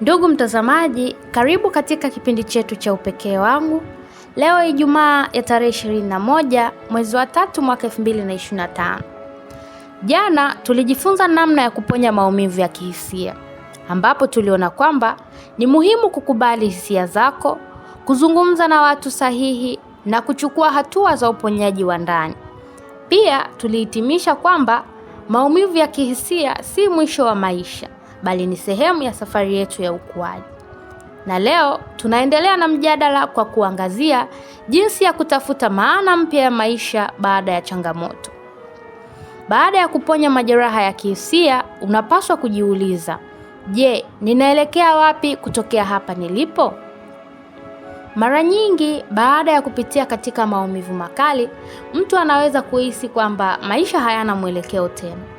Ndugu mtazamaji, karibu katika kipindi chetu cha Upekee wangu. Leo Ijumaa ya tarehe 21 mwezi wa tatu mwaka 2025. Jana tulijifunza namna ya kuponya maumivu ya kihisia, ambapo tuliona kwamba ni muhimu kukubali hisia zako, kuzungumza na watu sahihi na kuchukua hatua za uponyaji wa ndani. Pia tulihitimisha kwamba maumivu ya kihisia si mwisho wa maisha, bali ni sehemu ya safari yetu ya ukuaji. Na leo tunaendelea na mjadala kwa kuangazia jinsi ya kutafuta maana mpya ya maisha baada ya changamoto. Baada ya kuponya majeraha ya kihisia, unapaswa kujiuliza, je, ninaelekea wapi kutokea hapa nilipo? Mara nyingi baada ya kupitia katika maumivu makali, mtu anaweza kuhisi kwamba maisha hayana mwelekeo tena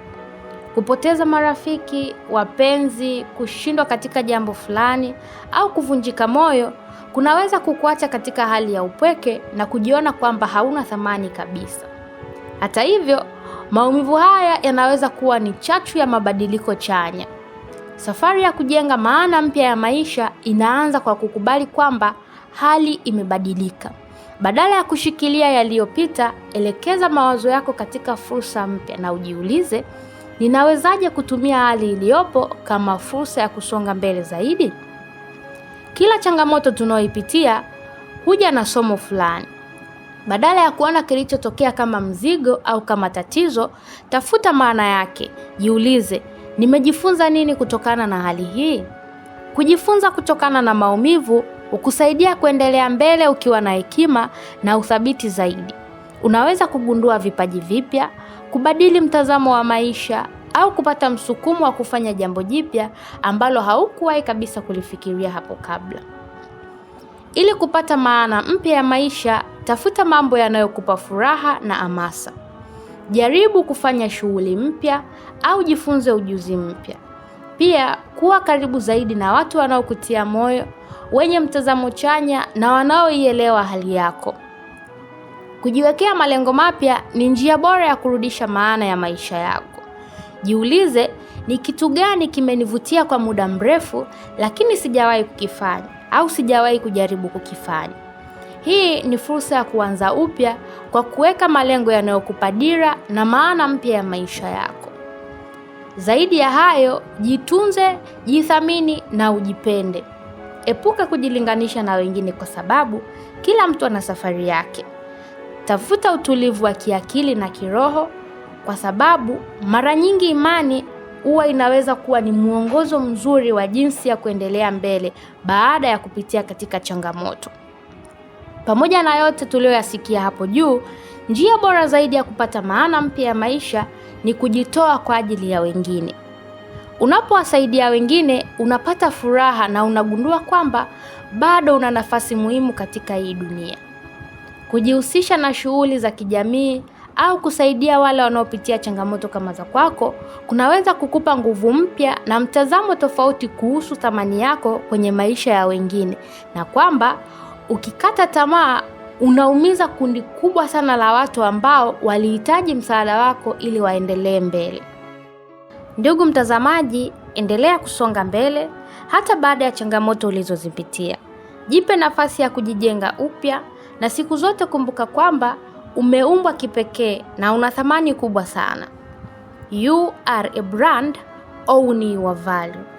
kupoteza marafiki, wapenzi, kushindwa katika jambo fulani au kuvunjika moyo kunaweza kukuacha katika hali ya upweke na kujiona kwamba hauna thamani kabisa. Hata hivyo, maumivu haya yanaweza kuwa ni chachu ya mabadiliko chanya. Safari ya kujenga maana mpya ya maisha inaanza kwa kukubali kwamba hali imebadilika. Badala ya kushikilia yaliyopita, elekeza mawazo yako katika fursa mpya na ujiulize Ninawezaje kutumia hali iliyopo kama fursa ya kusonga mbele zaidi? Kila changamoto tunayoipitia huja na somo fulani. Badala ya kuona kilichotokea kama mzigo au kama tatizo, tafuta maana yake. Jiulize, nimejifunza nini kutokana na hali hii? Kujifunza kutokana na maumivu hukusaidia kuendelea mbele ukiwa na hekima na uthabiti zaidi. Unaweza kugundua vipaji vipya, kubadili mtazamo wa maisha au kupata msukumo wa kufanya jambo jipya ambalo haukuwahi kabisa kulifikiria hapo kabla. Ili kupata maana mpya ya maisha, tafuta mambo yanayokupa furaha na amasa Jaribu kufanya shughuli mpya au jifunze ujuzi mpya. Pia kuwa karibu zaidi na watu wanaokutia moyo, wenye mtazamo chanya na wanaoielewa hali yako. Kujiwekea malengo mapya ni njia bora ya kurudisha maana ya maisha yako. Jiulize, ni kitu gani kimenivutia kwa muda mrefu lakini sijawahi kukifanya au sijawahi kujaribu kukifanya. Hii ni fursa ya kuanza upya kwa kuweka malengo yanayokupa dira na maana mpya ya maisha yako. Zaidi ya hayo, jitunze, jithamini na ujipende. Epuka kujilinganisha na wengine kwa sababu kila mtu ana safari yake. Tafuta utulivu wa kiakili na kiroho, kwa sababu mara nyingi imani huwa inaweza kuwa ni mwongozo mzuri wa jinsi ya kuendelea mbele baada ya kupitia katika changamoto. Pamoja na yote tuliyoyasikia hapo juu, njia bora zaidi ya kupata maana mpya ya maisha ni kujitoa kwa ajili ya wengine. Unapowasaidia wengine, unapata furaha na unagundua kwamba bado una nafasi muhimu katika hii dunia kujihusisha na shughuli za kijamii au kusaidia wale wanaopitia changamoto kama za kwako kunaweza kukupa nguvu mpya na mtazamo tofauti kuhusu thamani yako kwenye maisha ya wengine, na kwamba ukikata tamaa unaumiza kundi kubwa sana la watu ambao walihitaji msaada wako ili waendelee mbele. Ndugu mtazamaji, endelea kusonga mbele hata baada ya changamoto ulizozipitia. Jipe nafasi ya kujijenga upya na siku zote kumbuka kwamba umeumbwa kipekee na una thamani kubwa sana. You are a brand, own your value.